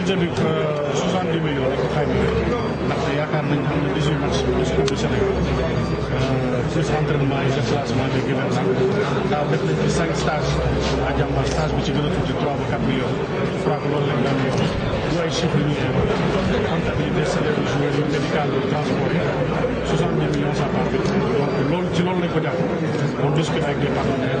budget euh, bi soixante-dix millions rek xayma ndax yaakaar nañ am na dix-huit matchs de Coupe du Sénégal plus euh, entraînement yi déplacement des gënal sax daaw def nañ ci cinq stages à Diambars stage bi ci gën a tuuti trois ba quatre millions je crois que loolu lañ daan yoon lu ay chiffres ñu évoqué comptabilité salaire de joueur yi médical de transport yi soixante-dix millions ça part donc loolu ci loolu lañ ko jàpp on discute avec des partenaires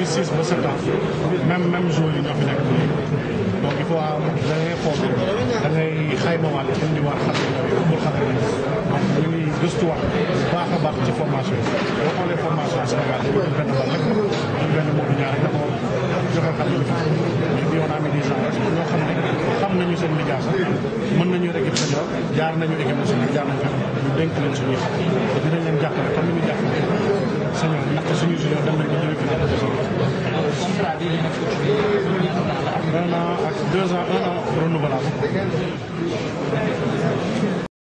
depuis six ba sept ans même même jour yi ñoo fi nekk léegi donc il faut am ah, da ngay xool da ngay xayma waat indi waat xale yooyu pour xale yooyu donc ñu ngi gëstuwaat bu baax a baax ci formation yi boo xoolee formation Sénégal dañu benn bal rek dañu benn moodu ñaar rek moo joxe xale yi mais bii on a mis des gens rek ñoo xam ne xam nañu seen liggéey sax mën nañu équipe senior jaar nañu équipe nationale jaar nañu ñu dénk leen suñuy xam dinañ leen jàppale comme ni ñu jàppale senior ndaxte suñu junior dem nañu un an deux ans un an renouvelable.